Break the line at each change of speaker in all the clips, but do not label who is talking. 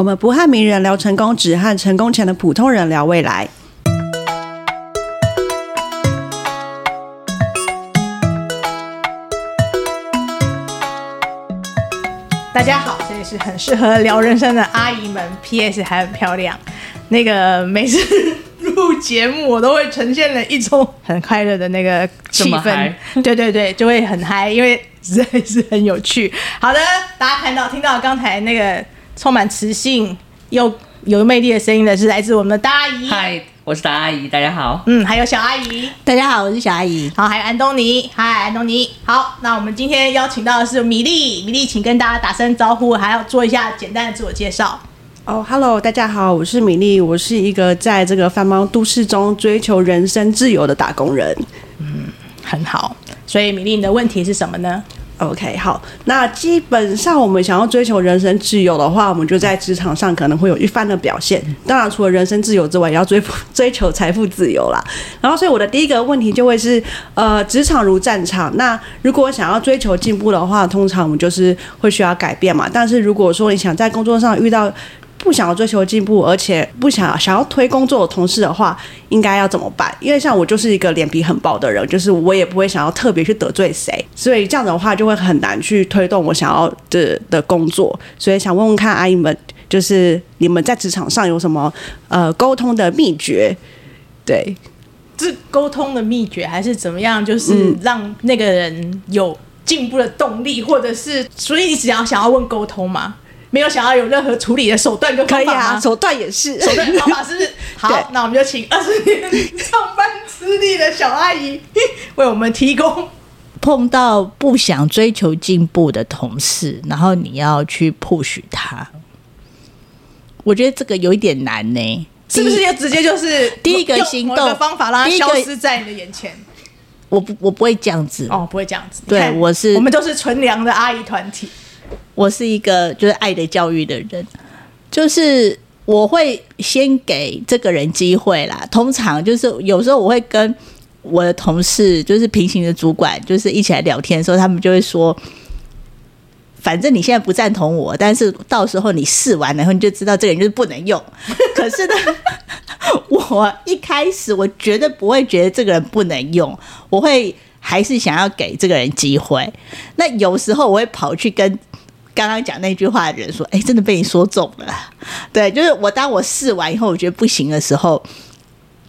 我們不和名人聊成功，只和成功前的普通人聊未來。
大家好，這是很適合聊人生的阿姨們。嗯、P.S. 還很漂亮。那個每次錄節目，我都會呈現了一種很快樂的那個氣氛。對對對，就會很嗨，因為實在是很有趣。好的，大家看到聽到剛才那個。充滿磁性又有魅力的聲音的是來自我們的大阿姨。嗨，我是大
阿姨，大家好。嗯，還
有小阿姨， 大家好，我是小阿姨。好，還有安東尼，嗨，安東尼。好，那我們今天邀請到的是米粒，米粒，請跟大家打聲招呼，還要做一下簡單的自我介紹。
哦、oh，Hello，大家好，我是米粒，我是一個在這個繁忙都市中追求人生自由的打工人。嗯，很好。所以米粒，你的問題是什麼呢？OK，好，那基本上我們想要追求人生自由的話，我們就在職場上可能會有一番的表現。當然，除了人生自由之外，也要追追求財富自由啦。然後，所以我的第一個問題就會是，呃，職場如戰場。那如果想要追求進步的話，通常我們就是會需要改變嘛。但是，如果說你想在工作上遇到，不想要追求進步，而且不想想要推工作的同事的話，應該要怎麼辦？因為像我就是一個臉皮很薄的人，就是我也不會想要特別去得罪誰，所以這樣的話就會很難去推動我想要的的工作。所以想問問看阿姨們，就是你們在職場上有什麼呃溝通的秘訣？對，
是溝通的秘訣，還是怎麼樣？就是讓那個人有進步的動力，嗯，或者是所以你只要想要問溝通嗎？沒有想要有任何處理的手段跟方法可以啊，手段也是，手段方法是,不是好。對那我們就請二十
年上班資歷的小阿姨
為我們提供。碰
到不想追求進步的同事，然後你要去 push 他，我覺得這個有一點難呢、欸，
是不是？就直接就是、啊、第一個行動的方法，啦，消失在你的眼前。
我不，我不會這樣子
哦，不會這樣子。對，看我是，我們都是純良的阿姨團體。
我是一個就是愛的教育的人，就是我會先給這個人機會啦。通常就是有時候我會跟我的同事，就是平行的主管，就是一起來聊天的時候，他們就會說：“反正你現在不贊同我，但是到時候你試完了以後你就知道這個人就是不能用。” 可是呢，我一開始我絕對不會覺得這個人不能用，我會。還是想要給這個人機會。那有時候我會跑去跟剛剛講那句話的人說：“哎、欸，真的被你說中了。”對，就是我當我試完以後，我覺得不行的時候，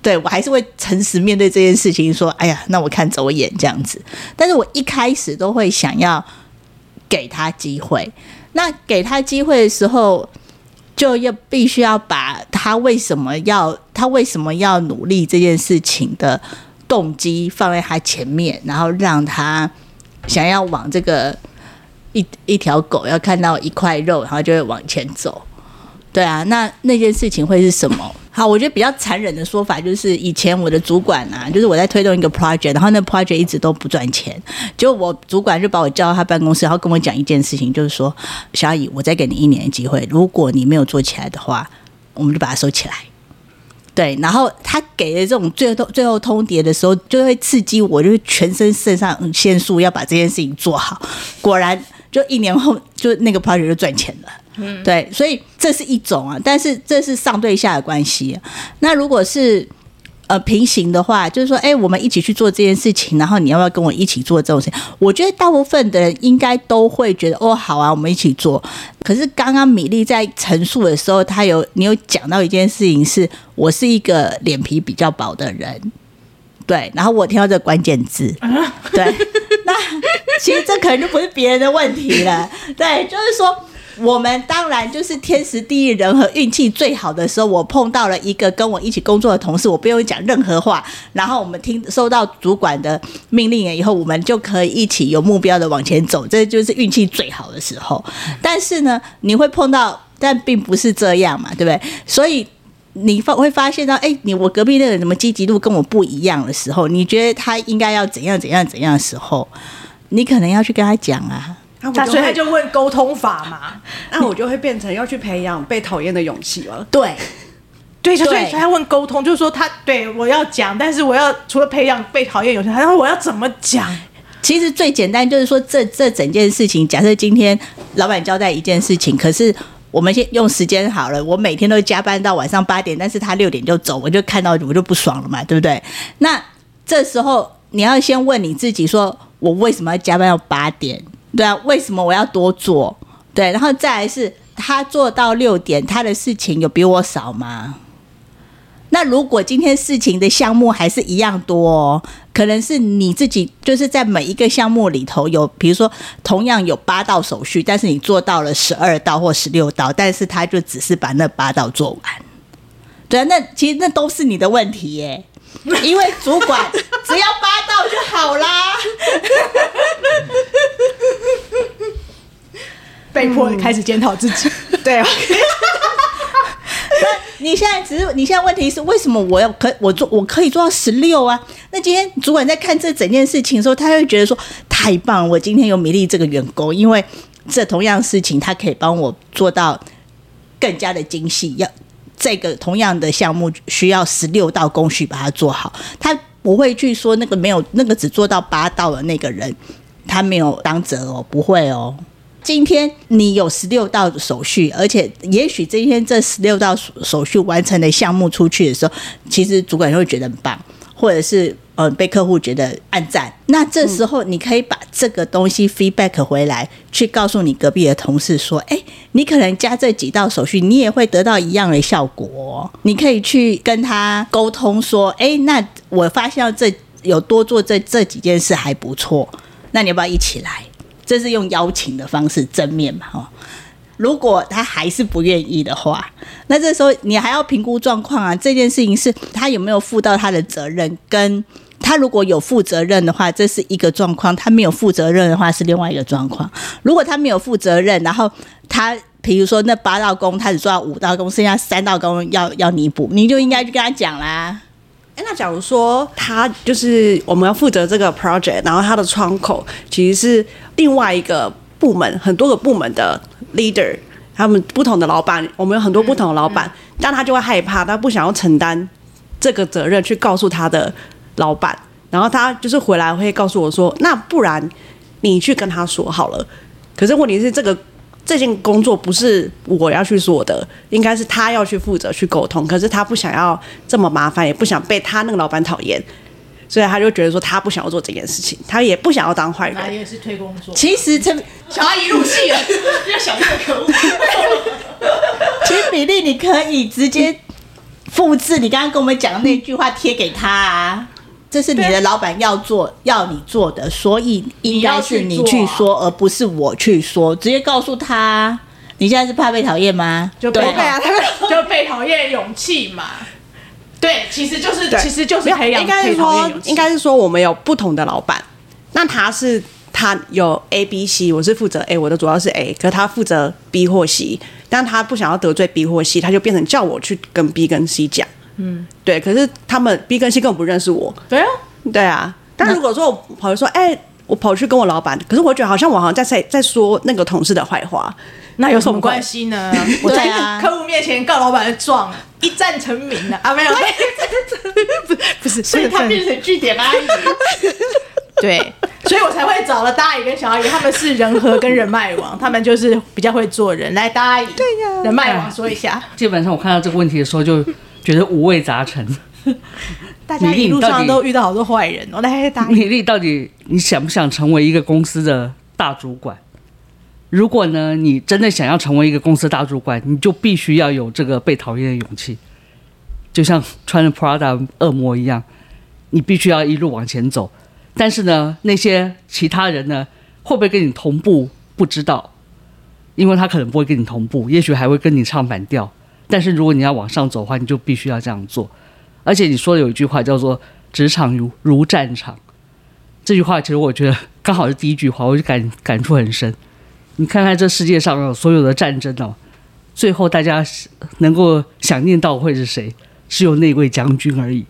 對我還是會誠實面對這件事情，說：“哎呀，那我看走眼這樣子。”但是我一開始都會想要給他機會。那給他機會的時候，就要必須要把他為什麼要他為什麼要努力這件事情的。動機放在他前面，然後讓他想要往這個一一條狗要看到一塊肉，然後就會往前走。對啊，那那件事情會是什麼？好，我覺得比較殘忍的說法就是，以前我的主管啊，就是我在推動一個 project，然後那 project 一直都不賺錢，結果我主管就把我叫到他辦公室，然後跟我講一件事情，就是說，小阿姨，我再給你一年的機會，如果你沒有做起來的話，我們就把它收起來。對，然後他給的這種最後最後通牒的時候，就會刺激我，就是、全身腎上腺素要把這件事情做好。果然，就一年後，就那個 project 就賺錢了。嗯，對，所以這是一種啊，但是這是上對下的關係、啊。那如果是……呃，平行的話，就是說，哎、欸，我們一起去做這件事情，然後你要不要跟我一起做這種事情？我覺得大部分的人應該都會覺得，哦，好啊，我們一起做。可是剛剛米粒在陳述的時候，他有你有講到一件事情是，是我是一個臉皮比較薄的人，對，然後我聽到這關鍵字，啊、對，那其實這可能就不是別人的問題了， 對，就是說。我們當然就是天時地利人和運氣最好的時候，我碰到了一個跟我一起工作的同事，我不用講任何話，然後我們聽收到主管的命令以後，我們就可以一起有目標的往前走，這就是運氣最好的時候。但是呢，你會碰到，但並不是這樣嘛，對不對？所以你發會發現到，哎、欸，你我隔壁那個什麼積極度跟我不一樣的時候，你覺得他應該要怎樣怎樣怎樣的時候，你可能要去跟他講啊。
啊、他所以他就問溝通法嘛，那你、啊、我就會變成要去培養被討厭的勇氣了對。他。對，對，所以他要問溝通，就是說他對我要講，但是我要除了培養被討厭勇氣，他說我要怎麼講？其實最
簡單就是說這，這這整件事情，假設今天老板交代一件事情，可是我們先用時間好了，我每天都加班到晚上八點，但是他六點就走，我就看到我就不爽了嘛，對不對？那這時候你要先問你自己，說我為什麼要加班到八點？對啊，為什麼我要多做？對，然後再來是，他做到六點，他的事情有比我少嗎？那如果今天事情的項目還是一樣多哦，可能是你自己就是在每一個項目裡頭有，比如說同樣有八道手續，但是你做到了十二道或十六道，但是他就只是把那八道做完。對啊，那其實那都是你的問題耶，因為主管只要八。就好啦！
被迫開始檢討自己，對
啊。那你現在只是你現在問題是為什麼我要，可我做我可以做到十六啊？那今天主管在看這整件事情的時候，他會覺得說太棒，我今天有米粒這個員工，因為這同樣事情，他可以幫我做到更加的精細。要這個同樣的項目需要十六道工序把它做好，他。不會去說那個沒有那個只做到八道的那個人，他沒有擔責哦，不會哦。今天你有十六道手續，而且也許今天這十六道手續完成的項目出去的時候，其實主管就會覺得很棒，或者是。被客戶覺得按讚，那這時候你可以把這個東西 feedback 回來，嗯、去告訴你隔壁的同事說：“誒、欸，你可能加這幾道手續，你也會得到一樣的效果，哦。”你可以去跟他溝通說：“誒、欸，那我發現這有多做這這幾件事還不錯，那你要不要一起來？”這是用邀請的方式正面嘛？哦，如果他還是不願意的話，那這時候你還要評估狀況啊，這件事情是他有沒有負到他的責任跟。他如果有負責任的話，這是一個狀況；他沒有負責任的話是另外一個狀況。如果他沒有負責任，然後他，比如說那八道工他只做到五道工，剩下三道工要要彌補，你就應該去跟他講啦。
哎、欸，那假如說他就是我們要負責這個 project，然後他的窗口其實是另外一個部門，很多個部門的 leader，他們不同的老板，我們有很多不同的老板，嗯嗯，但他就會害怕，他不想要承擔這個責任，去告訴他的。老板，然後他就是回來會告訴我說：“那不然你去跟他說好了。”可是問題是，這個這件工作不是我要去做的，應該是他要去負責去溝通。可是他不想要這麼麻煩，也不想被他那個老板討厭，所以他就覺得說他不想要做這件事情，他也不想要當壞人，
其實這小阿姨入戲了，
越想越
可惡。其實米粒，你可以直接複制你剛剛跟我們講的那句話貼給他啊。這是你的老闆要做，啊、要你做的，所以應該是你去說，要去啊、而不是我去說。直接告訴他，你現在是怕被討厭嗎？
就對啊，他
被 就被討厭勇氣嘛。對，其實就是對其實
就是培養。應該是說，應該是說我們有不同的老板。那他是他有 A、B、C，我是負責 A，我的主要是 A，可是他負責 B 或 C，但他不想要得罪 B 或 C，他就變成叫我去跟 B 跟 C 講。嗯，對，可是他們 B 跟 C 根本不認識我。對啊，對啊。但如果說我跑去說，哎、欸，我跑去跟我老闆，可是我覺得好像我好像在在說那個同事的壞話，那有什麼關係呢？
啊、我在客戶面前告老闆的狀，一戰成名了啊！ 啊沒有， 不是，不是，所以他變成句點阿姨、啊、 對，所以我才會找了大姨跟小阿姨，他們是人和跟人脈王，他們就是比較會做人。來，大姨，對啊、人脈王說一下。
基本上我看到這個問題的時候就覺得五味雜陳，
大家一路上都遇到好多壞人哦。來，米粒，你到底
你想不想成為一個公司的大主管？如果呢，你真的想要成為一個公司大主管，你就必須要有這個被討厭的勇氣，就像穿的 Prada 惡魔一樣，你必須要一路往前走。但是呢，那些其他人呢，會不會跟你同步？不知道，因為他可能不會跟你同步，也許還會跟你唱反調。但是如果你要往上走的話，你就必須要這樣做。而且你說的有一句話叫做“職場如如戰場”，這句話其實我覺得剛好是第一句話，我就感感觸很深。你看看這世界上所有的戰爭哦，最後大家能夠想念到會是誰，只有那位將軍而已。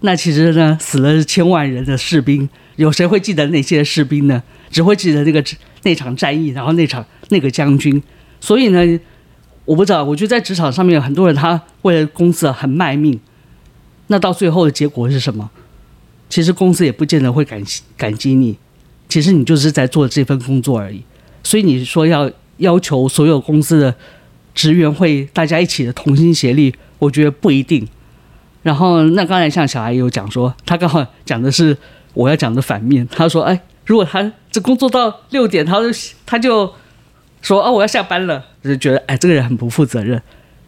那其實呢，死了千萬人的士兵，有誰會記得那些士兵呢？只會記得那個那場戰役，然後那場那個將軍。所以呢。我不知道，我覺得在職場上面，很多人他為了公司很賣命，那到最後的結果是什麼？其實公司也不見得會感激感激你，其實你就是在做這份工作而已。所以你說要要求所有公司的職員會大家一起的同心協力，我覺得不一定。然後那剛才像小阿姨有講說，他剛好講的是我要講的反面，他說：“哎，如果他只工作到六點，他就他就。”說哦，我要下班了，就覺得哎，這個人很不負責任。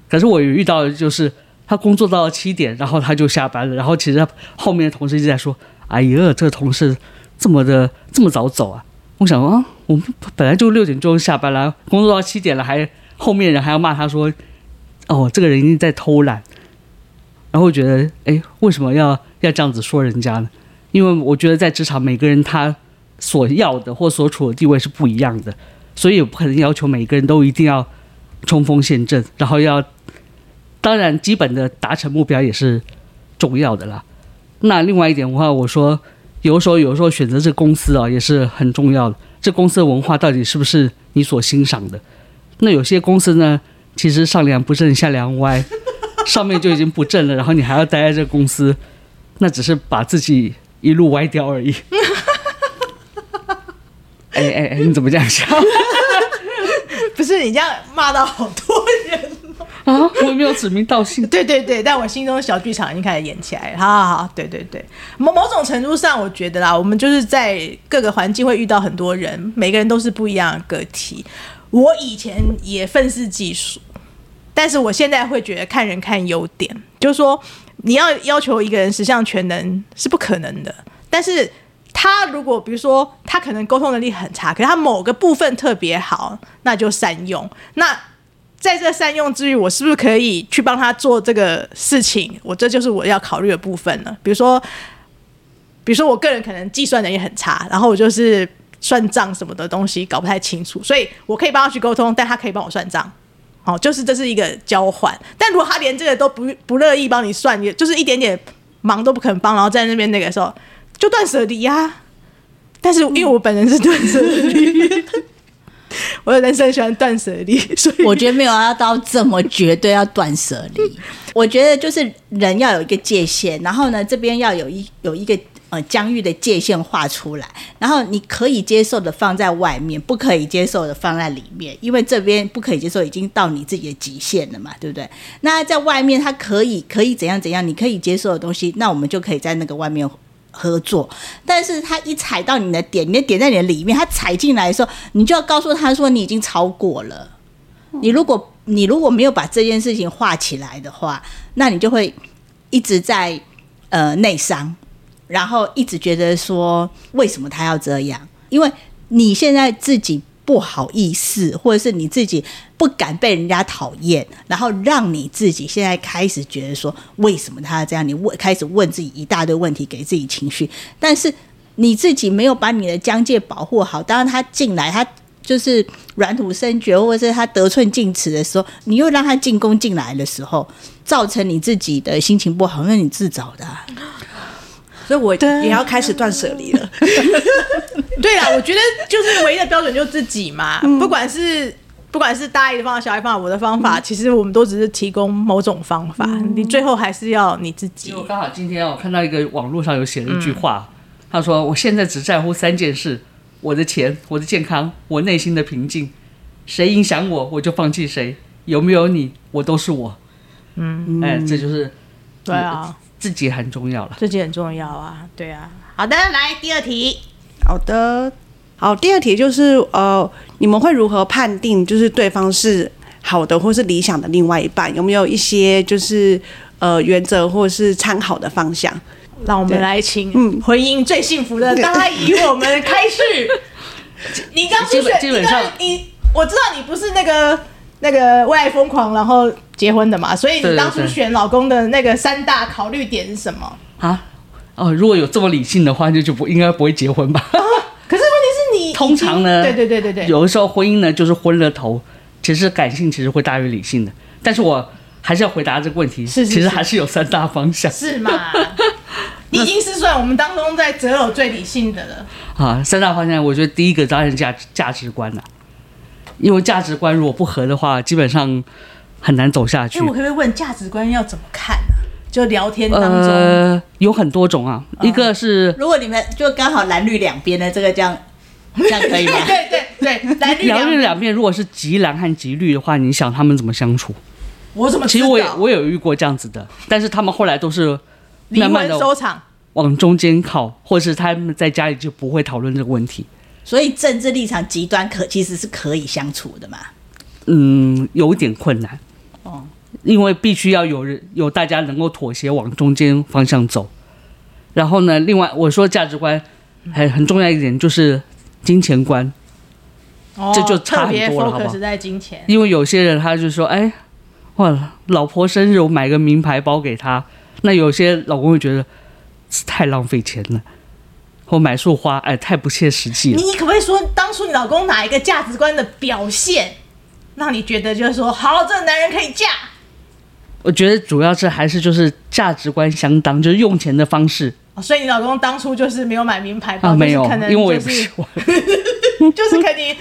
可是我有遇到的就是他工作到了七點，然後他就下班了。然後其實他後面的同事一直在說：“哎呀，這個同事這麼的這麼早走啊？”我想啊，哦，我們本來就六點鐘下班了，工作到七點了，還後面人還要罵他說：“哦，這個人一定在偷懶。”然後覺得哎，為什麼要要這樣子說人家呢？因為我覺得在職場每個人他所要的或所處的地位是不一樣的。所以也不可能要求每個人都一定要衝鋒陷陣，然後要當然基本的達成目標也是重要的啦。那另外一點的話，我說有時候有時候選擇這公司啊也是很重要的。這公司的文化到底是不是你所欣賞的？那有些公司呢，其實上梁不正，下梁歪，上面就已經不正了，然後你還要待在這公司，那只是把自己一路歪掉而已。哎哎哎！你怎麼這樣笑？
不是你這樣罵到好多人嗎？喔？啊，我也沒有指名道姓。對對對，但我心中小劇場已經開始演起來了。好，好，好，對對對。某某種程度上，我覺得啦，我們就是在各個環境會遇到很多人，每個人都是不一樣的個體。我以前也憤世嫉俗，但是我現在會覺得看人看優點，就是說你要要求一個人十項全能是不可能的，但是，他如果比如說他可能溝通能力很差，可是他某個部分特別好，那就善用。那在這善用之餘，我是不是可以去幫他做這個事情？我這就是我要考慮的部分了。比如說，比如說我個人可能計算能力很差，然後我就是算賬什麼的東西搞不太清楚，所以我可以幫他去溝通，但他可以幫我算賬。好，哦，就是這是一個交換。但如果他連這個都不不樂意幫你算，也就是一點點忙都不肯幫，然後在那邊那個時候。就斷捨離呀，但是因為我本人是斷捨離，嗯、我的人生喜歡斷捨離，所以我覺得沒有要到
這麼絕對要斷捨離。嗯、我覺得就是人要有一個界限，然後呢，這邊要有一有一個呃疆域的界限畫出來，然後你可以接受的放在外面，不可以接受的放在裡面，因為這邊不可以接受已經到你自己的極限了嘛，對不對？那在外面它可以可以怎樣怎樣，你可以接受的東西，那我們就可以在那個外面。合作，但是他一踩到你的點，你的點在你的裡面，他踩進來的時候，你就要告訴他說你已經超過了。你如果你如果沒有把這件事情畫起來的話，那你就會一直在呃內傷，然後一直覺得說為什麼他要這樣？因為你現在自己。不好意思，或者是你自己不敢被人家討厭，然後讓你自己現在開始覺得說為什麼他這樣？你問開始問自己一大堆問題，給自己情緒，但是你自己沒有把你的疆界保護好，當他進來，他就是軟土深掘，或者是他得寸進尺的時候，你又讓他進攻進來的時候，造成你自己的心情不好，那你自找的啊。
所以，我也要開始斷捨離了。 對啊，我覺得就是唯一的標準就是自己嘛。嗯、不管是不管是大一的方法、小一方法，我的方法，嗯、其實我們都只是提供某種方法，嗯、你
最後還是要你自己。因為我剛好今天我看到一個網絡上有寫了一句話，嗯、他說：“我現在只在乎三件事：我的錢、我的健康、我內心的平靜。誰影響我，我就放棄誰。有沒有你，我都是我。”嗯，哎、欸，嗯、這就是對啊。自己很重要了，
自己很重要啊，對啊。
好的，來第二題。好的，好，第二題就是呃，你們會如何判定就是對方是好的或是理想的另外一半？有沒有一些就是呃原則或是參考的方向？
讓我們來請嗯，婚姻最幸福的，答才與我們開序， 你剛基本上你，剛剛你，我知道你不是那個。那個為愛瘋狂，然後結婚的嘛，所以你當初選老公的那個三大考慮點是什麼？
對對對，啊，哦，如果有這麼理性的話，就就不應該不會結婚吧？啊？可是問題是你通常呢？對對對對對，有的時候婚姻呢就是昏了頭，其實感性其實會大於理性的。但是我還是要回答這個問題。是、是、是其實還是有三大方向。是、是、是嗎？
你 那已經是算我們當中在擇偶最理性的了。
啊，三大方向，我覺得第一個當然是價值價值觀了，啊。因為價值觀如果不合的話，基本上很難走下去。哎、欸，我
可不可以問價值觀要怎麼看、啊、就聊天
當中，
呃，有很多種啊，嗯、
一個是如果你們就剛好藍綠兩邊的這個這
樣，這
樣
可以嗎？ 對對對，藍綠兩
邊，如果是極藍和極綠的話，你想他們怎麼相處？我怎麼其實我也我有遇過這樣子的，但是他們後來都是慢慢
的
往中間靠，或是他們在家裡就不會討論這個問題。所以
政治立場極端可其實是可以相處的嘛？
嗯，有點困難哦，因為必須要有人有大家能夠妥協，往中間方向走。然後呢，另外我說價值觀很很重要一點就是金錢觀，
哦、這就差很多了好不好？特別 focus 在金錢。
因為有些人他就說：“哎、欸，哇，老婆生日我買個名牌包給她。”那有些老公會覺得是太浪費錢了。或買束花，哎，太不切實際了。你可
不可以說，當初你老公哪一個價值觀的表現，讓你覺得就是說，好，這個男人可以嫁？
我覺得主要是還是就是價值觀相當，就是用錢的方式、
哦。所以你老公當初就是沒有買名牌包，沒有、啊，可能就是、因為我也不喜歡， 就是肯定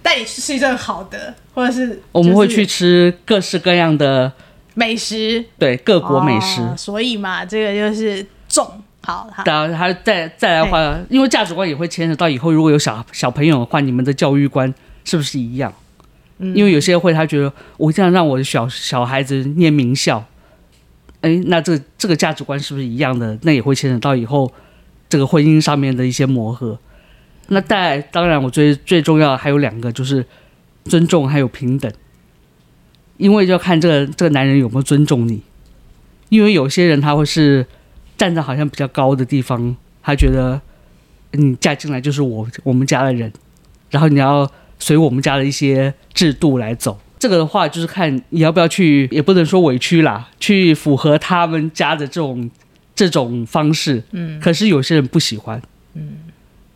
帶你去吃一頓好的，或者是、就是、
我們會去吃各式各樣的
美食，
對，各國美食、啊。
所以嘛，這個就是
重。好，好，然後，他再再，再來的話，嘿因為價值觀也會牽扯到以後，如果有小小朋友的話，你們的教育觀是不是一樣？因為有些人會，他覺得我這樣讓我的小小孩子念名校，哎，那這個、這個價值觀是不是一樣的？那也會牽扯到以後這個婚姻上面的一些磨合。那但當然，我最最重要的還有兩個，就是尊重還有平等，因為就要看這個這個男人有沒有尊重你，因為有些人他會是。站在好像比較高的地方，他覺得你嫁進來就是我我們家的人，然後你要隨我們家的一些制度來走。這個的話，就是看你要不要去，也不能說委屈啦，去符合他們家的這種這種方式。嗯，可是有些人不喜歡，嗯，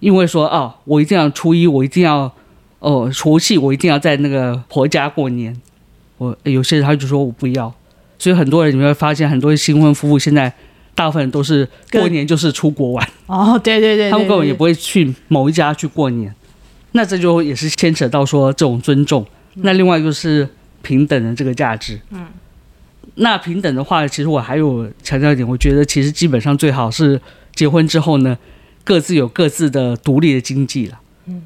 因為說啊，哦，我一定要初一，我一定要哦除夕，我一定要在那個婆家過年。我有些人他就說我不要，所以很多人你會發現，很多新婚夫婦現在。大部分都是過年就是出國玩，
哦，對對對，他們根本也不
會去某一家去過年，對對對對，那這就也是牽扯到說這種尊重。嗯，那另外就是平等的這個價值。嗯，那平等的話，其實我還有強調一點，我覺得其實基本上最好是結婚之後呢，各自有各自的獨立的經濟了。嗯，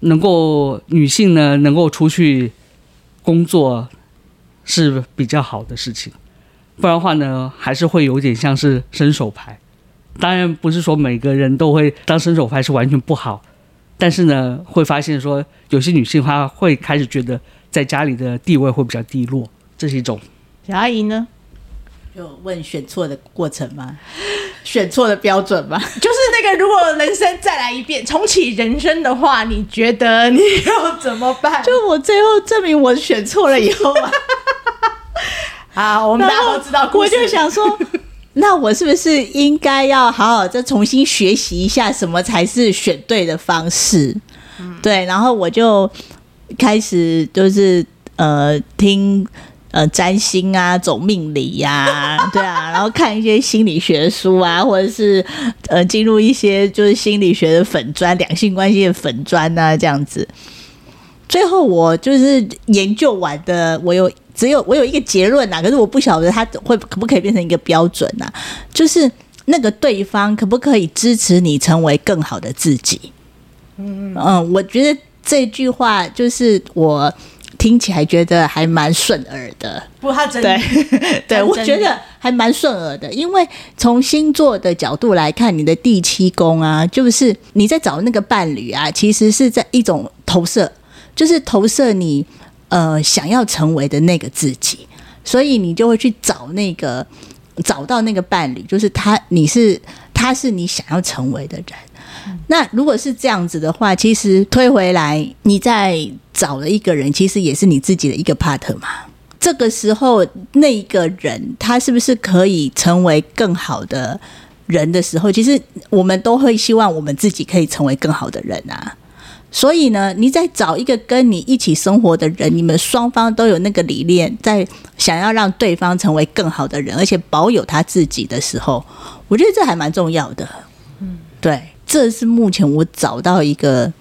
能夠女性呢能夠出去工作是比較好的事情。不然的話呢，還是會有點像是伸手牌。當然不是說每個人都會當伸手牌是完全不好，但是呢，會發現說有些女性她會開始覺得在家裡的地位會比較低落，這是一種。
小阿姨呢，就問選錯的過程嗎？選錯的標準嗎？ 就是那個，如果人生再來一遍，重啟人生的話，你覺得你要怎麼辦？就我最後證明我選錯了以後啊。
啊，我們大家都知道我就想說，那我是不是應該要好好再重新學習一下什麼才是選對的方式？ 對，然後我就開始就是呃聽呃占星啊、走命理呀、啊，對啊， 然後看一些心理學書啊，或者是呃進入一些就是心理學的粉專、兩性關係的粉專啊。這樣子。最後我就是研究完的，我有。只有我有一個結論吶、啊，可是我不曉得他會可不可以變成一個標準吶、啊，就是那個對方可不可以支持你成為更好的自己？嗯嗯，嗯，我覺得這句話就是我聽起來覺得還蠻順耳的。
不，他真的。對，我覺得
還蠻順耳的，因為從星座的角度來看，你的第七宮啊，就是你在找那個伴侶啊，其實是在一種投射，就是投射你。呃，想要成為的那個自己，所以你就會去找那個，找到那個伴侶，就是他，你是，他是你想要成為的人。嗯、那如果是這樣子的話，其實推回來，你在找了一個人，其實也是你自己的一個 part 嘛。這個時候，那一個人他是不是可以成為更好的人的時候，其實我們都會希望我們自己可以成為更好的人啊。所以呢，你在找一個跟你一起生活的人，你們雙方都有那個理念，在想要讓對方成為更好的人，而且保有他自己的時候，我覺得這還蠻重要的。對，這是目前我找到一個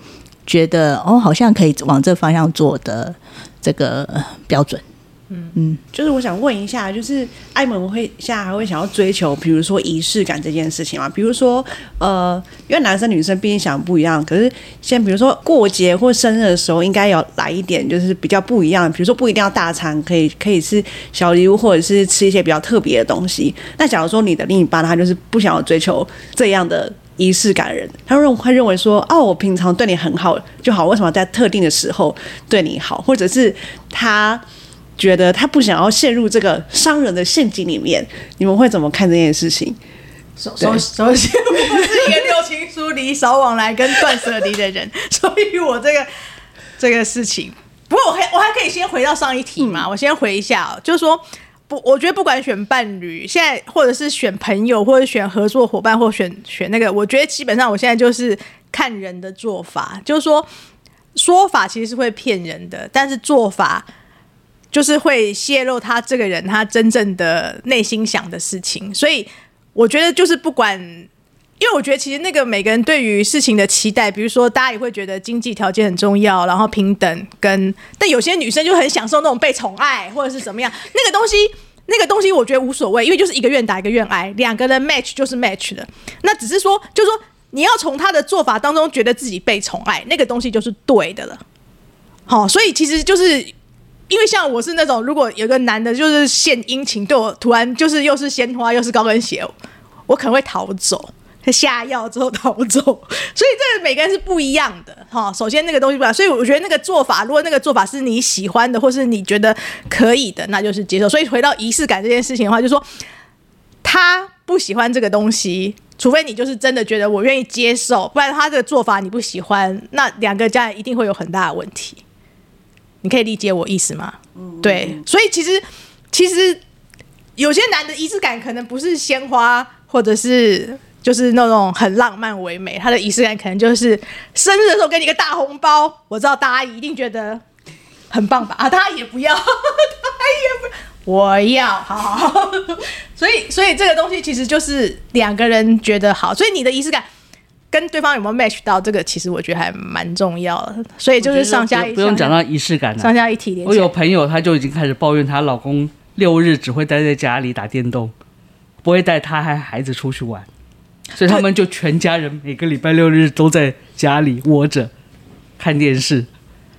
覺得哦，好像可以往這方向做的這個標準。嗯
嗯，就是我想問一下，就是阿姨們會現在還會想要追求，比如說儀式感這件事情嗎？比如說，呃，因為男生女生畢竟想不一樣，可是，先比如說過節或生日的時候，應該要來一點，就是比較不一樣。比如說，不一定要大餐，可以可以吃小禮物，或者是吃一些比較特別的東西。那假如說你的另一半他就是不想要追求這樣的儀式感，人，他認會認為說，啊，我平常對你很好就好，為什麼在特定的時候對你好？或者是他？覺得他不想要陷入這個商人的陷阱裡面，你們會怎麼看這件事情？首、首
先，我不是一個六親疏離、 少往來跟斷舍離的人，所以我這個這個事情，不過我還我還可以先回到上一題嘛，嗯、我先回一下、喔，就是說不，我覺得不管選伴侶，現在或者是選朋友，或者選合作夥伴，或選選那個，我覺得基本上我現在就是看人的做法，就是說，說法其實是會騙人的，但是做法。就是會泄露他這個人他真正的內心想的事情，所以我覺得就是不管，因為我覺得其實那個每個人對於事情的期待，比如說大家也會覺得經濟條件很重要，然後平等跟，但有些女生就很享受那種被寵愛或者是怎麼樣，那個東西，那個東西我覺得無所謂，因為就是一個願打一個願挨，兩個人 match 就是 match 的，那只是說，就是說你要從他的做法當中覺得自己被寵愛，那個東西就是對的了。好，所以其實就是。因為像我是那種，如果有個男的就是獻殷勤對我，突然就是又是鮮花又是高跟鞋，我可能會逃走，下藥之後逃走。所以這個每個人是不一樣的哈。首先那個東西不一樣，所以我覺得那個做法，如果那個做法是你喜歡的或是你覺得可以的，那就是接受。所以回到儀式感這件事情的話，就說他不喜歡這個東西，除非你就是真的覺得我願意接受，不然他這個做法你不喜歡，那兩個家人一定會有很大的問題。你可以理解我意思嗎？嗯、對，Okay. 所以其實其實有些男的儀式感可能不是鮮花，或者是就是那種很浪漫唯美，他的儀式感可能就是生日的時候給你一個大紅包。我知道大阿姨一定覺得很棒吧？啊，他也不要，他也不，我要，好好好。所以所以這個東西其實就是兩個人覺得好，所以你的儀式感。跟對方有沒有 match 到，這個其實我覺得還蠻重要的，所以就是上下不用講到
儀式感啊，上下一體一。我有朋友，他就已經開始抱怨，她老公六日只會待在家裡打電動，不會帶她和孩子出去玩，所以他們就全家人每個禮拜六日都在家裡窩着看電視，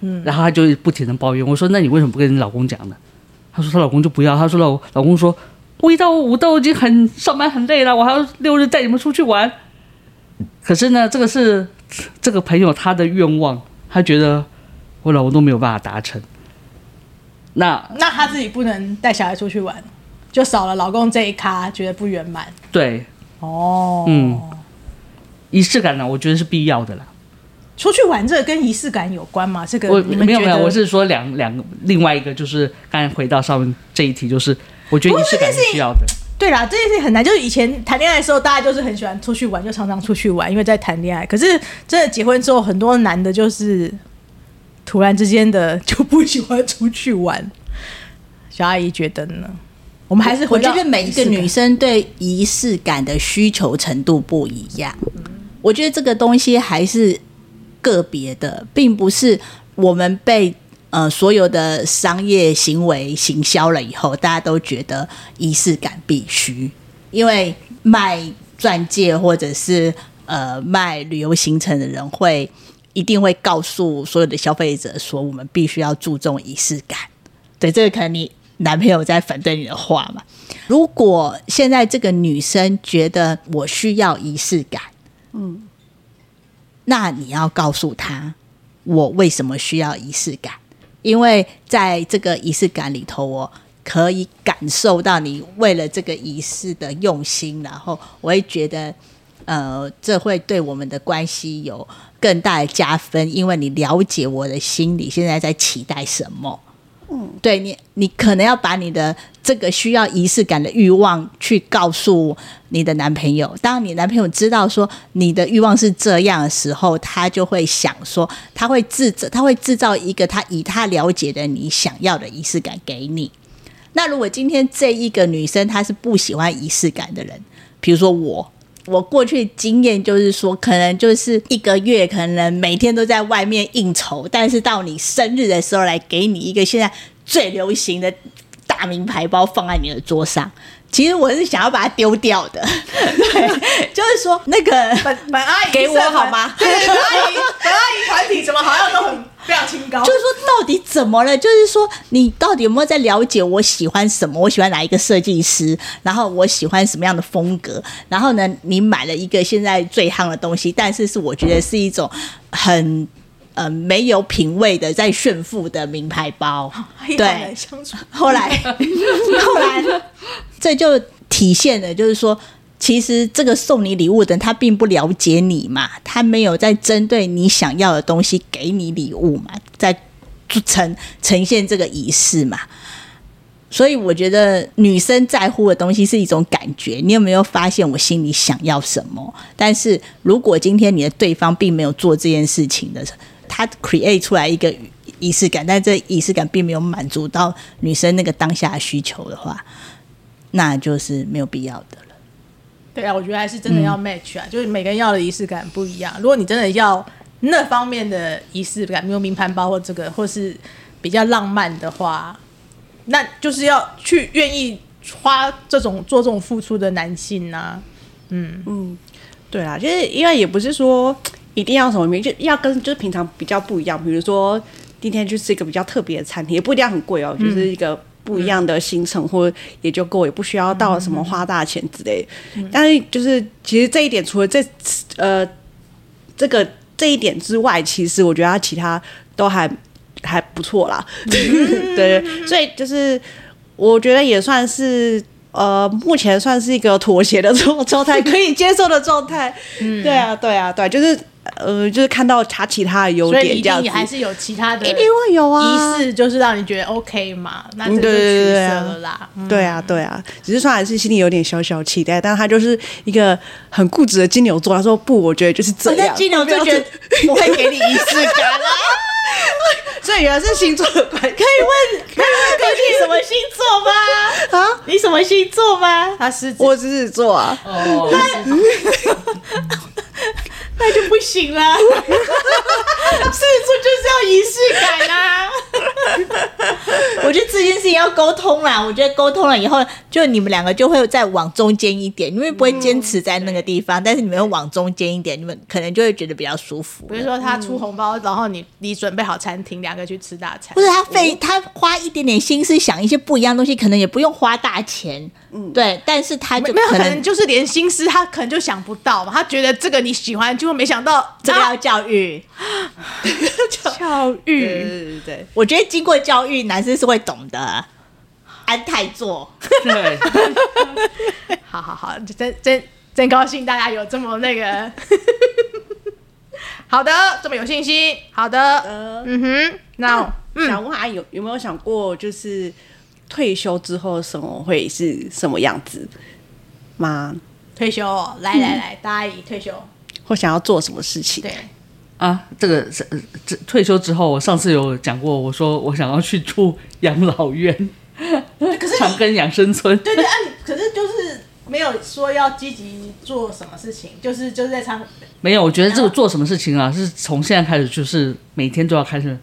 嗯對，然後他就不停的抱怨。我說：“那你為什麼不跟你老公講呢？”他說：“她老公就不要。”他說：“老，老公說，我一到五都已經很上班很累了，我還要六日帶你們出去玩。”可是呢，這個是這個朋友他的願望，他覺得我老我都沒有辦法達成。那
那他自己不能帶小孩出去玩，就少了老公這一咖，覺得不圓滿。對，哦，
嗯，儀式感呢，我覺得是必要的啦。
出去玩這個跟儀式感有關嗎？這個我沒有沒有，得我是
說兩兩個另外一個就是剛才回到上面這一題，就是我覺得儀式感是需要的。
對啦，這件事很難。就是以前談戀愛的時候，大家就是很喜歡出去玩，就常常出去玩，因為在談戀愛。可是，真的結婚之後，很多男的就是突然之間的就不喜歡出去玩。小阿姨覺得呢？我們還是回到我覺得每一個女生對儀
式感的需求程度不一樣。嗯。我覺得這個東西還是個別的，並不是我們被。呃，所有的商業行為行銷了以後，大家都覺得儀式感必須，因為賣鑽戒或者是呃賣旅遊行程的人會一定會告訴所有的消費者說，我們必須要注重儀式感。對，這個可能你男朋友在反對你的話嘛。如果現在這個女生覺得我需要儀式感，嗯，那你要告訴她我為什麼需要儀式感。因為在這個儀式感裡頭，我可以感受到你為了這個儀式的用心，然後我會覺得，呃，這會對我們的關係有更大的加分，因為你了解我的心裡現在在期待什麼。嗯，對你，你可能要把你的這個需要儀式感的欲望去告訴你的男朋友。當你男朋友知道說你的欲望是這樣的時候，他就會想說，他會制，他會制造一個他以他了解的你想要的儀式感給你。那如果今天這一個女生她是不喜歡儀式感的人，比如說我。我過去的經驗就是說，可能就是一個月，可能每天都在外面應酬，但是到你生日的時候來給你一個現在最流行的大名牌包放在你的桌上。其實我是想要把它丟掉的，對，Okay, 就是說那個本阿姨給我好嗎？
本阿姨，本阿姨。
怎麼了？就是說，你到底有沒有在了解我喜歡什麼？我喜歡哪一個設計師？然後我喜歡什麼樣的風格？然後呢，你買了一個現在最夯的東西，但是是我覺得是一種很呃沒有品味的、在炫富的名牌包。對，後來後來這就體現了，就是說，其實這個送你禮物的人他並不了解你嘛，他沒有在針對你想要的東西給你禮物嘛，在。呈呈現這個儀式嘛，所以我覺得女生在乎的東西是一種感覺。你有沒有發現我心裡想要什麼？但是如果今天你的對方並沒有做這件事情的時候，他 create 出來一個儀式感，但這儀式感並沒有滿足到女生那個當下的需求的話，那就是沒有必要的
了。對啊，我覺得還是真的要 match 啊，嗯、就是每個人要的儀式感不一樣。如果你真的要那方面的儀式感，比如名牌包或這個，或是比較浪漫的話，那就是要去願意花這種做這種付出的男性呢、啊？嗯嗯，
對啦，就是因為也不是說一定要什麼名，就要跟就是平常比較不一樣。比如說今天去吃一個比較特別的餐廳，也不一定要很貴哦，就是一個不一樣的行程，嗯、或者也就夠，也不需要到什麼花大的錢之類的。嗯、但是就是其實這一點，除了這呃這個。這一點之外，其實我覺得他其他都還還不錯啦。嗯、 對，所以就是我覺得也算是呃，目前算是一個妥協的狀狀態，可以接受的狀態。嗯、對啊，對啊，對，就是。呃，就是看到查其他的優點，這樣子還
是有其他的，一定會有啊。儀式就是讓你覺得 OK
嘛，那這就取捨
啦。對
啊，對啊，只是說還是心裡有點小小期待，但是他就是一個很固執的金牛座。他說不，我覺得就是這樣。金牛座就覺
得我可以給你儀式感了。所以原來是星座的關係，可以問可以問你什麼星座嗎？你什麼星座嗎？他是我獅子座啊。那就不行了，所以說就
是要儀式感啊！我覺得這件事情要溝通啦。我覺得溝通了以後，就你們兩個就會再往中間一點，因為不會堅持在那個地方，但是你們要往中間一點，你們可能就會覺得比較舒服。嗯、比如說他出
紅包，然後你你準備好餐廳，兩個去吃大餐。嗯、不是他
費他花一點點心思想一些不一樣的東西，可能
也不用花大錢。嗯，對，但是他就沒有可能，可能就是連心思他可能就想不到嘛。他覺得這個你喜歡，結果沒想到。這叫教育。啊、 教，
教育。對，
對，對，
對我覺得經過教育，男生是會懂的。
安太座。對。 好好好，真真真高興，大家有這麼那個。
好的，這麼有信心。好的。嗯哼。那小我、嗯、問阿姨有有沒有想過，就是？退休之後生活會是什麼樣子嗎？退休，來來來，
大阿姨退休，
或想要做什麼事情？對啊，這個是、呃、這退休之後，我上次有講過，我說我想要去住養老院，可是長庚養生村。對對，對啊
你，可是就是沒有說要積極做什麼事情，就是就是在長，
沒有，我覺得這個做什麼事情啊，後是從現在開始，就是每天都要開始，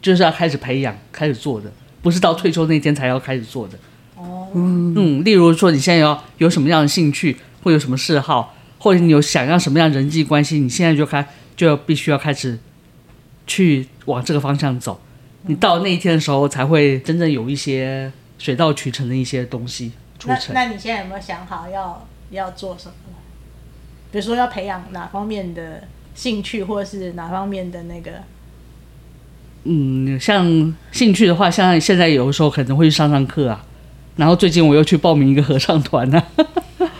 就是要開始培養，開始做的。不是到退休那天才要開始做的哦，oh, wow. 嗯，例如說你現在要有,有什麼樣的興趣，會有什麼嗜好，或者你有想要什麼樣的人際關係，你現在就開就必須要開始，去往這個方向走。你到那一天的時候，才會真正有一些水到渠成的一些東西。那那你
現在有沒有想好要要做什麼呢？比如說要培養哪方面的興趣，或者是哪方面的那個？
嗯，像興趣的話，像現在有的時候可能會去上上課啊，然後最近我又去報名一個合唱團呢、啊。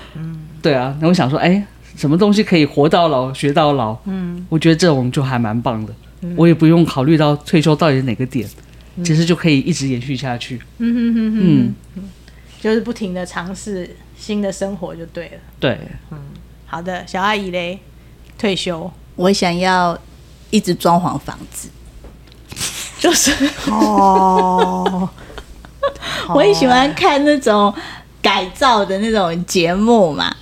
對啊，那我想說，哎、欸，什麼東西可以活到老學到老？嗯，我覺得這種就還蠻棒的。嗯、我也不用考慮到退休到底是哪個點，嗯、其實就可以一直延續下去。嗯
嗯嗯嗯。就是不停的嘗試新的生活就對了。
對，嗯，
好的，小阿姨嘞，退休，
我想要一直裝潢房子。就是，哦，我也喜歡看那種改造的那種節目嘛。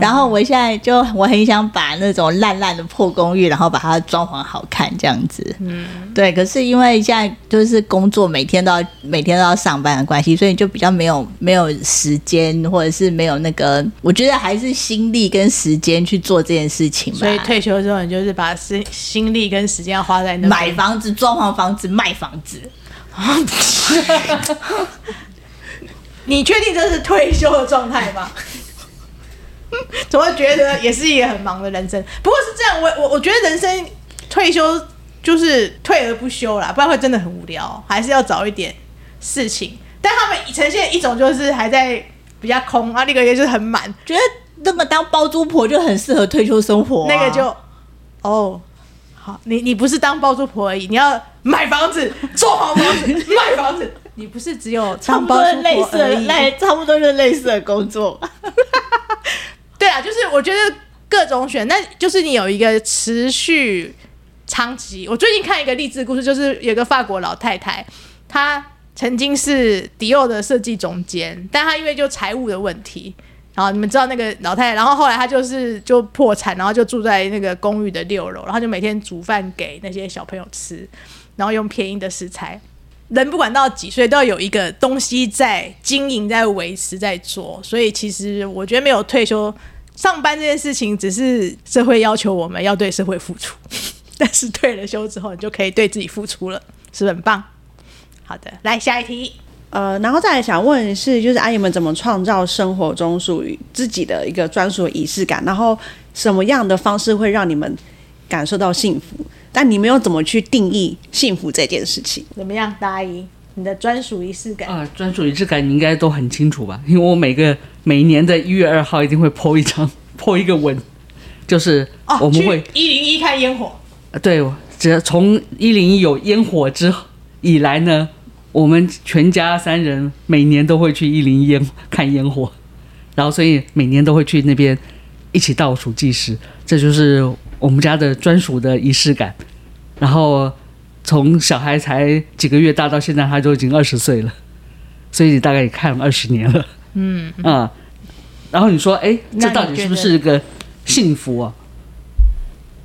然後我現在就我很想把那種爛爛的破公寓，然後把它裝潢好看這樣子。嗯，對。可是因為現在就是工作每天都要每天都要上班的關係，所以就比較沒有沒有時間，或者是沒有那個，我覺得還是心力跟時間去做這件事情嘛。所以退
休之後，你就是把心心力跟時間要花在那買房子、裝潢房子、賣房子。 你確定這是退休的狀態嗎？總會覺得也是一個很忙的人生？不過是這樣，我我我覺得人生退休就是退而不休啦，不然會真的很無聊，還是要找一點事情。但他們呈現一種就是還在比較空啊，那個也就是很滿，覺得那麼當包租婆就很適合退休生活，啊。那個就哦，好，你你不是當包租婆而已，你要買房子、做好房子、賣房子， 你不是只有差不多的類似類，差不多就是類似的工作。啊，就是我覺得各種選，那就是你有一個持續長期。我最近看一個勵志故事，就是有個法國老太太，她曾經是迪奧的設計總監，但她因為就財務的問題，然後你們知道那個老太太，然後後來她就是就破產，然後就住在那個公寓的六樓，然後就每天煮飯給那些小朋友吃，然後用便宜的食材。人不管到幾歲，都要有一個東西在經營、在維持、在做。所以其實我覺得沒有退休。上班這件事情只是社會要求我們要對社會付出，但是退了休之後，你就可以對自己付出了，是不是很棒？
好的，來下一題。呃，然後再來想問是，就是阿姨們怎麼創造生活中屬於自己的一個專屬儀式感？然後什麼樣的方式會讓你們感受到幸福？但你們又怎麼去定義幸福這件事情？
怎麼樣，大阿姨，你的專屬儀式感
啊？
專屬儀式感你應該都很清楚吧？因為我每個。每年的一月二號一定會 po 一張 po 一個文，就是我們會
一零一開煙火，
對對，只要從一零一有煙火之以來呢，我們全家三人每年都會去一零一煙看煙火，然後所以每年都會去那邊一起倒數計時，這就是我們家的專屬的儀式感。然後從小孩才幾個月大到現在，他就已經二十歲了，所以你大概也看了二十年了。嗯啊、嗯，然後你說，哎，這到底是不是一個幸福啊？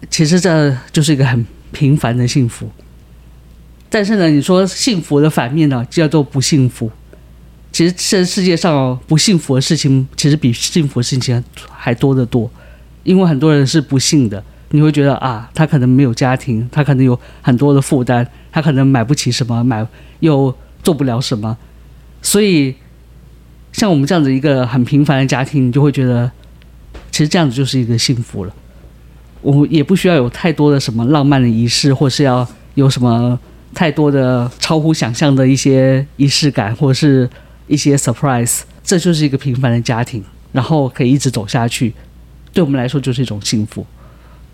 其實這就是一個很平凡的幸福。但是呢，你說幸福的反面呢、啊，叫做不幸福。其實這世界上不幸福的事情，其實比幸福的事情還多得多。因為很多人是不幸的，你會覺得啊，他可能沒有家庭，他可能有很多的負擔，他可能買不起什麼，買又做不了什麼，所以。像我們這樣子一個很平凡的家庭，你就會覺得，其實這樣子就是一個幸福了。我也不需要有太多的什麼浪漫的儀式，或是要有什麼太多的超乎想象的一些儀式感，或者是一些 surprise。這就是一個平凡的家庭，然後可以一直走下去，對我們來說就是一種幸福。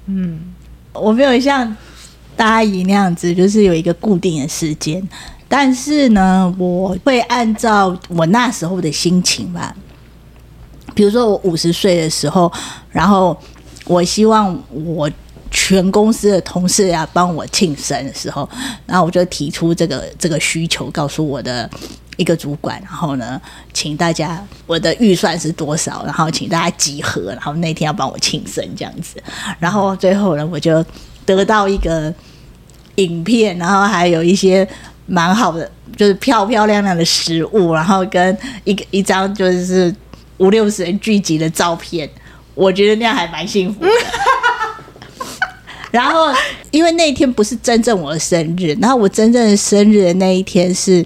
嗯，我沒有像大阿姨那樣子，就是有一個固定的時間。但是呢，我會按照我那時候的心情吧。比如說，我五十歲的時候，然後我希望我全公司的同事要幫我慶生的時候，然後我就提出這個這個需求，告訴我的一個主管，然後呢，請大家我的預算是多少，然後請大家集合，然後那天要幫我慶生這樣子。然後最後呢，我就得到一個影片，然後還有一些。蠻好的，就是漂漂亮亮的食物，然後跟一個一張就是五六十人聚集的照片，我覺得那樣還蠻幸福的。 然後，因為那一天不是真正我的生日，然後我真正的生日的那一天是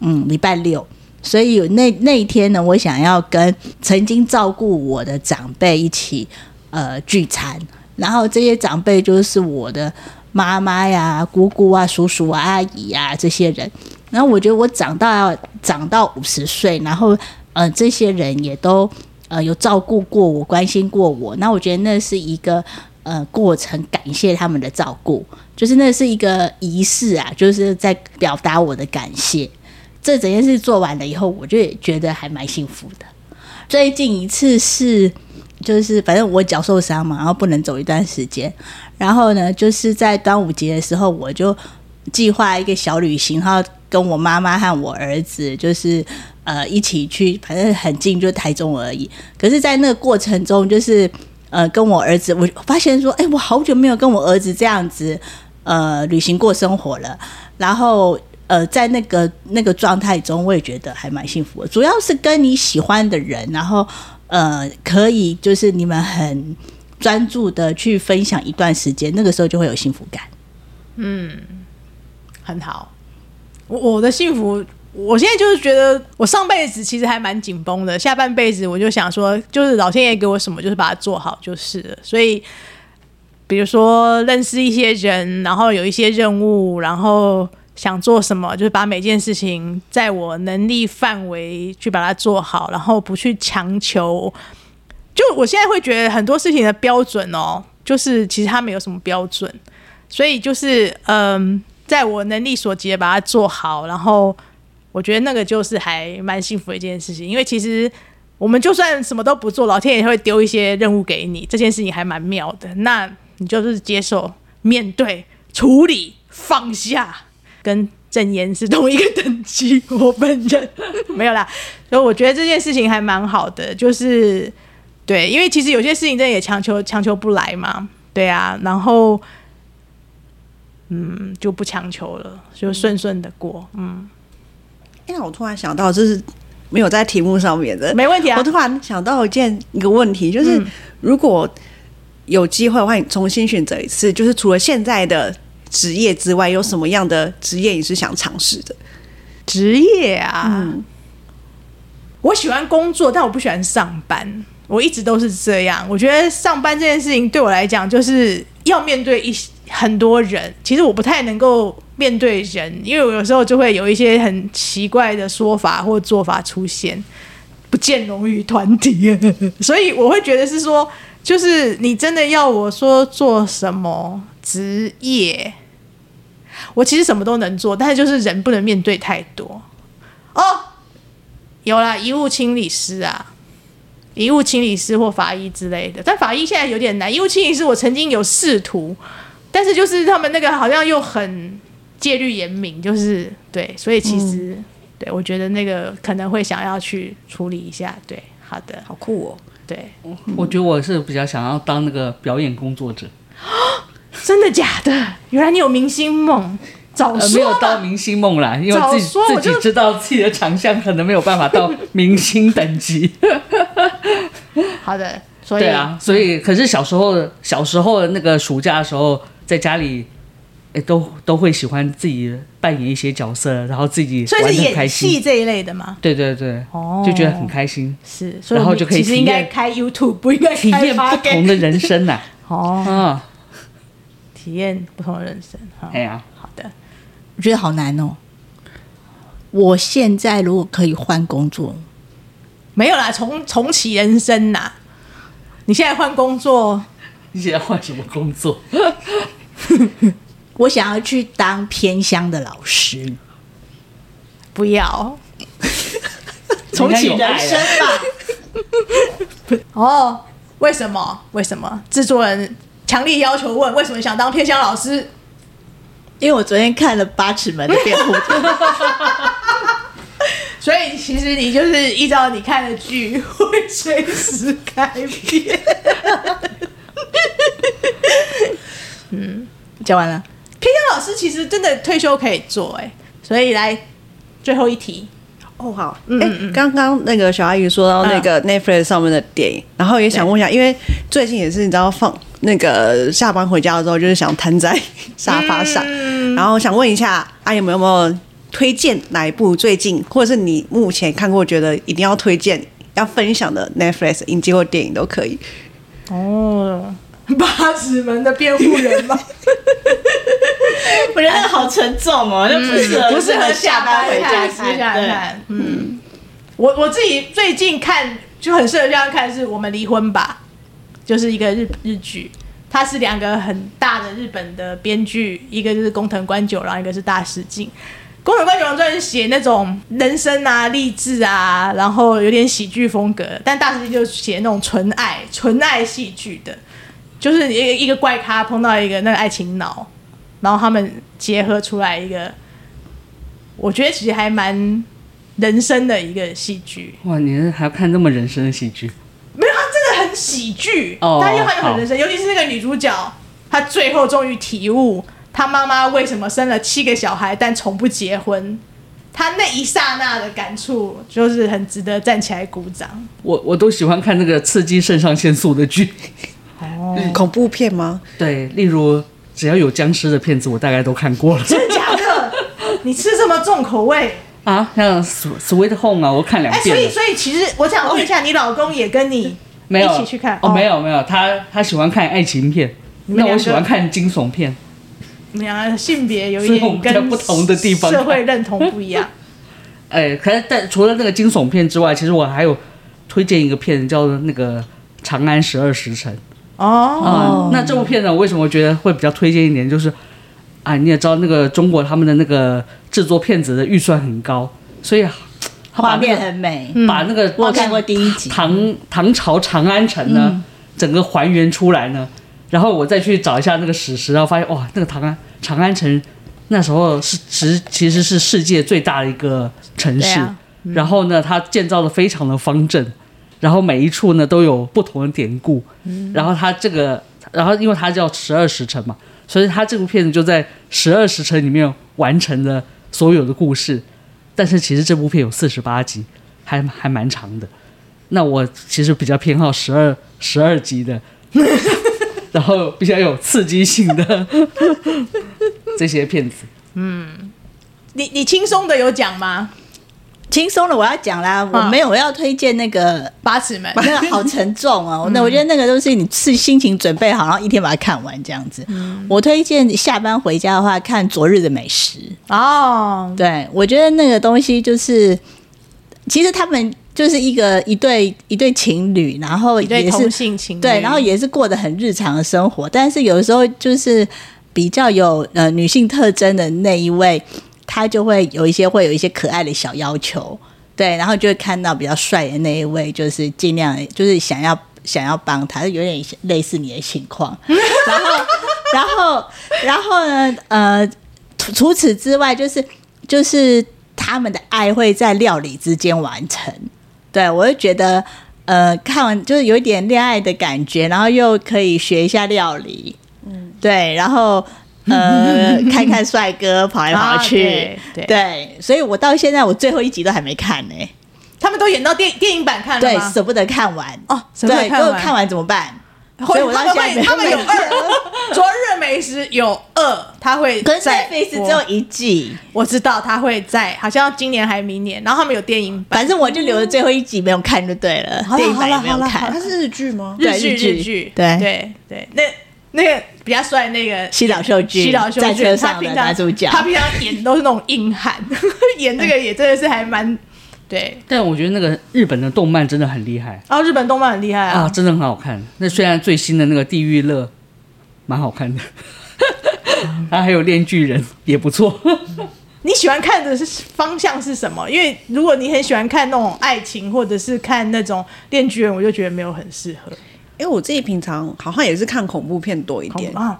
嗯禮拜六，所以那那一天呢，我想要跟曾經照顧我的長輩一起呃聚餐，然後這些長輩就是我的。媽媽呀、啊，姑姑啊，叔叔、啊、阿姨呀、啊，這些人。然後我覺得我長大要長到五十歲，然後，呃，這些人也都呃有照顧過我，關心過我。那我覺得那是一個呃過程，感謝他們的照顧，就是那是一個儀式啊，就是在表達我的感謝。這整件事做完了以後，我就也覺得還蠻幸福的。最近一次是，就是反正我腳受傷嘛，然後不能走一段時間。然後呢，就是在端午節的時候，我就計劃一個小旅行，然後跟我媽媽和我兒子，就是呃一起去，反正很近，就台中而已。可是，在那個過程中，就是呃跟我兒子，我發現說，哎、欸，我好久沒有跟我兒子這樣子呃旅行過生活了。然後呃，在那個那個狀態中，我也覺得還蠻幸福的，主要是跟你喜歡的人，然後呃可以就是你們很。專注的去分享一段時間，那個時候就會有幸福感。
嗯，很好。我我的幸福，我現在就是覺得，我上輩子其實還蠻緊繃的，下半輩子我就想說，就是老天爺給我什麼，就是把它做好就是了。所以，比如說認識一些人，然後有一些任務，然後想做什麼，就是把每件事情在我能力範圍去把它做好，然後不去強求。就我現在會覺得很多事情的標準哦、喔，就是其實他沒有什麼標準，所以就是嗯、呃，在我能力所及的把它做好，然後我覺得那個就是還蠻幸福的一件事情，因為其實我們就算什麼都不做，老天也會丟一些任務給你，這件事情還蠻妙的。那你就是接受、面對、處理、放下，跟證嚴是同一個等級，我本人沒有啦。所以我覺得這件事情還蠻好的，就是。對，因為其實有些事情真的也強求強求不來嘛，對啊，然後，嗯，就不強
求了，就順順的過。嗯，嗯，因為我突然想到，這是沒有在題目上面的，沒問題啊。我突然想到一件一個問題，就是如果有機會的話，你重新選擇一次，嗯、就是除了現在的職業之外，有什麼樣的職業你是想嘗試的職業啊？嗯、
我喜歡工作，但我不喜歡上班。我一直都是這樣，我覺得上班這件事情對我來講，就是要面對一很多人。其實我不太能夠面對人，因為我有時候就會有一些很奇怪的說法或做法出現，不見容於團體， 所以我會覺得是說，就是你真的要我說做什麼職業，我其實什麼都能做，但是就是人不能面對太多哦。有啦，遺物清理師啊。遺物清理師或法醫之類的，但法醫現在有點難。遺物清理師我曾經有試圖，但是就是他們那個好像又很戒律嚴明，就是對，所以其實、嗯、對我覺得那個可能會想要去處理一下。對，好的，好酷哦、喔。對我，我覺
得我是比較想要當那個表演工作者、嗯、
真的假的？原來你有明星夢。
沒有到明星夢了，因為自己自己知道自己的長相，可能沒有辦法到明星等級。
好的，所以對啊，
所以可是小時候小時候那個暑假的時候，在家裡都都會喜歡自己扮演一些角色，然後自己玩得很開心，所以是演戲
這一類的嘛？對對對，哦，就覺得很開
心，是，然後就可以其實應該
開 YouTube，不應該體驗不
同的人生吶。
哦，體驗不同的人生哈。
哎
呀，
好的。
我覺得好難哦！我現在如果可以換工作，
沒有啦，重重啟人生吶！你現在換工作，
你現在換什麼工作？
我想要去當偏
鄉的老師，不
要
重
啟人生
吧？ 生吧 哦，為什麼？為什麼？制作人強力要求問：為什麼想當偏鄉老師？因為我昨天看了《八尺門的辯護》，所以其實你就是依照你看的劇會隨時改變。
嗯，講完了，
平 K 老師其實真的退休可以做哎、欸，所以來最後一題。哦，
好，欸、嗯，嗯。剛剛那個小阿姨說到那個 Netflix 上面的電影，啊、然後也想問一下，對因為最近也是你知道放那個下班回家的時候，就是想癱在沙發上，嗯、然後想問一下阿姨、啊、有沒有推薦哪一部最近或者是你目前看過覺得一定要推薦要分享的 Netflix 影集或電影都可以。
哦，八尺門的辯護人嗎？ 我覺得那個好沉
重哦，就不適合不適合下班回家看。
對對嗯，我我自己最近看就很適合這樣看的是，是我們離婚吧，就是一個日日劇。它是兩個很大的日本的編劇，一個就是工藤官九郎，一個是大石靜。工藤官九郎專門寫那種人生啊、勵志啊，然後有點喜劇風格；但大石靜就寫那種純愛、純愛戲劇的，就是一個一個怪咖碰到一個那個愛情腦。然後他們結合出來一個，我覺得其實還蠻人生的，一個戲劇。
哇，你還要看這麼人生的戲劇？
沒有，他真的很喜劇，oh, 但又很又很人生。Oh. 尤其是那個女主角，她最後終於體悟，她媽媽為什麼生了七個小孩，但從不結婚。她那一剎那的感觸，就是很值得
站起來鼓掌。
我我都喜歡看那個刺激腎上腺素的劇，哦、
oh. 嗯，
恐怖片嗎？對，例如。只要有僵屍的片子，我大概都看過了。真的假的？
你吃這麼重口味
啊？像《Sweet Home》啊，我看兩遍、欸。所以
所以其實我想問一下，對你老公也跟你
沒有一起去看？哦，哦，哦，沒有沒有，他他喜歡看愛情片，那我喜歡看驚悚片。
你們兩個的性別有一點跟不同的地方，社會認同不一樣。
哎、 欸，可是但除了那個驚悚片之外，其實我還有推薦一個片子，叫做《那個長安十二時辰》。哦，哦，那這部片呢？我為什麼覺得會比較推薦一點？就是，啊、哎，你也知道那個中國他們的那個制作片子的預算很高，所以畫、那個、面很美。把那個、嗯、我看過第一集唐唐朝長安城呢，整個還原出來呢，嗯、然後我再去找一下那個史實，然後發現哇、哦，那個長安長安城那時候是實其實是世界最大的一個城市，嗯、然後呢，它建造的非常的方正。然後每一處呢，都有不同的典故。嗯、然後他這個，然後因為它叫十二時辰嘛，所以他這部片子就在十二時辰裡面完成了所有的故事。但是其實這部片有四十八集，還還蠻長的。那我其實比較偏好十二十二集的， 然後比較有刺激性的 這些片子。
嗯，你你輕鬆的有講嗎？輕鬆了，的我要講啦。哦、我
沒有，我要推薦那個八尺門，那個好沉重哦、啊。那、嗯、我覺得那個東西你是心情準備好，然後一天把它看完這樣子。嗯、我推薦下班回家的話，看《昨日的美食》哦。對，我覺得那個東西就是，其實他們就是一個一對一對情侶，然後也是一對同性情侶，對，然後也是過得很日常的生活。但是有的時候就是比較有呃女性特徵的那一位。他就會有一些會有一些可愛的小要求，對，然後就會看到比較帥的那一位，就是盡量就是想要想要幫他，有點類似你的情況。 然後，然後，然後呢？呃，除此之外，就是就是他們的愛會在料理之間完成。對我就覺得，呃，看完就是有一點戀愛的感覺，然後又可以學一下料理，嗯，對，然後。呃，看看帥哥跑來跑去，
對，
所以我到現在我最後一集都還沒看呢。
他們都演到電影，電影版看了嗎？對，捨不得看完哦，捨不得看完
怎麼辦？所以，我到現在他們有
二，昨日美食有二，他會，跟《是昨日美食只有一季，我知道他會在，好像今年還明年，然後他們有電影版，反正我就留了最後
一集沒有看就對了，電影版也沒
有看，它是日劇嗎？對，日劇，
對對對，
那。
那個比較帥，那個
西島秀俊西島秀俊在車上的主角。他平常
演都是那種硬漢， 演這個也真的是還蠻對。
但我覺得那個日本的動漫真的很厲害啊！日本動漫很厲害啊，啊，真的很好看。那雖然最新的那個地獄樂《地獄樂》蠻好看的， 他還有《電鋸人》也不錯。
你喜歡看的是方向是什麼？因為如果你很喜歡看那種愛情，
或者是看那種《電鋸人》，我就覺得沒有很適合。因為我自己平常好像也是看恐怖片多一點，啊、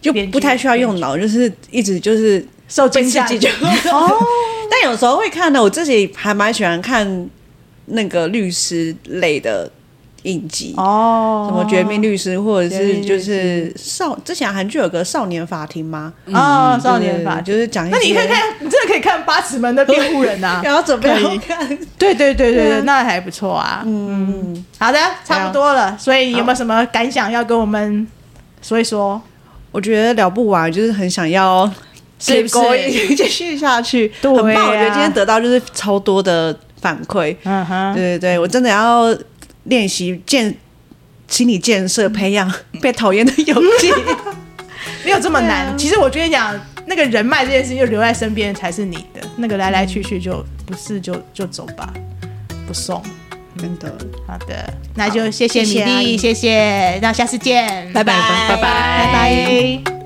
就不太需要用腦，輯就是一直就是受驚嚇就哦。但有時候會看到我自己還蠻喜歡看那個律師類的。影集哦，什麼絕命律師，或者是就是少之前韓劇有個少年法庭嗎？啊，少年法就是講一些。那你可以看，你真的可以看《八尺門的辯護人》吶，然後怎麼樣？你看，
對對對對，那
還不錯啊。嗯
嗯，好的，差不多了。所以有沒有什麼感想要跟我們？
所以說，我覺得聊不完，就是很想要接以繼續下去。很棒，我覺得今天得到就是超多的反饋。嗯哼，對對對，我真的要。練習建心理建設，培養被討厭的勇氣，沒有這麼難。啊、其實我覺得講那個人脈這件事，就
留在身邊才是你的，那個來來去去就，嗯、就不是就就走吧，不送。真的，好的，那就謝謝你，米粒，謝謝，謝謝，那下次見，拜拜，拜拜，拜拜。